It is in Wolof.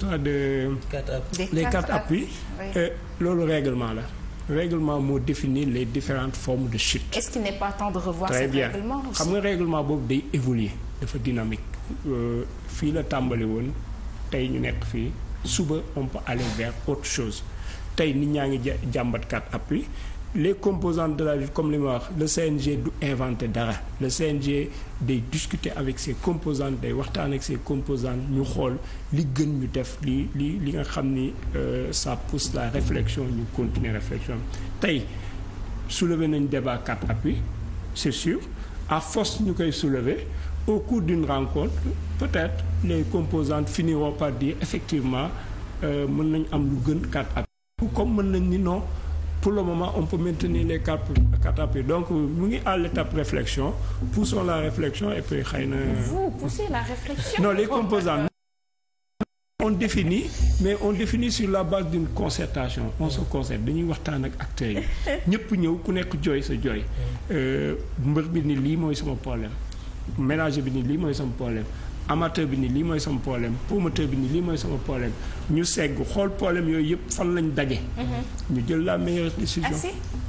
histoire de. les quatre appuis loolu réglement la. règlement moo définir les différentes formes de chute. est-ce qu'il n'est pas temps très bien xam nga réglement boobu day évoluer dafa dynamique. Euh, fii la tàmbali woon tey ñu nekk fii suba on peut aller vers autre chose tey nit ñaa ngi jàmbat quatre appuis les composante de la vie comme li ma wax le CNG du inventé dara le CNG day discuter avec ses composante day waxtaan ak ses composantes ñu xool li gën ñu def li li li nga xam ni euh, ça pousse la réflexion ñu continuer réflexion tey soulever nañ débat quatre appuis c'est sûr à force ñu koy soulever au cours d'une rencontre peut-être les composante finiront par dire effectivement euh, mën nañ am lu gën quatre appuis comme mën nañ ni non pour le moment on peut maintenir les quatre quatre appuis donc mu ngi à l'étape réflexion poussons la réflexion et puis xay na. vous poussez la réflexion. non les composants. on définit mais on définit sur la base d'une concertation on se concerte dañuy waxtaan ak acteurs yi ñëpp ñëw ku nekk jooy sa jooy euh, mbër bi ni lii mooy sama problème ménager bi ni lii mooy sama problème. amateur bi nii lii mooy sama problème promoteur bi ni lii mooy sama problème ñu segg xool problème yooyu yëpp fan lañ daje. Mm-hmm. ñu jël la meilleure décision.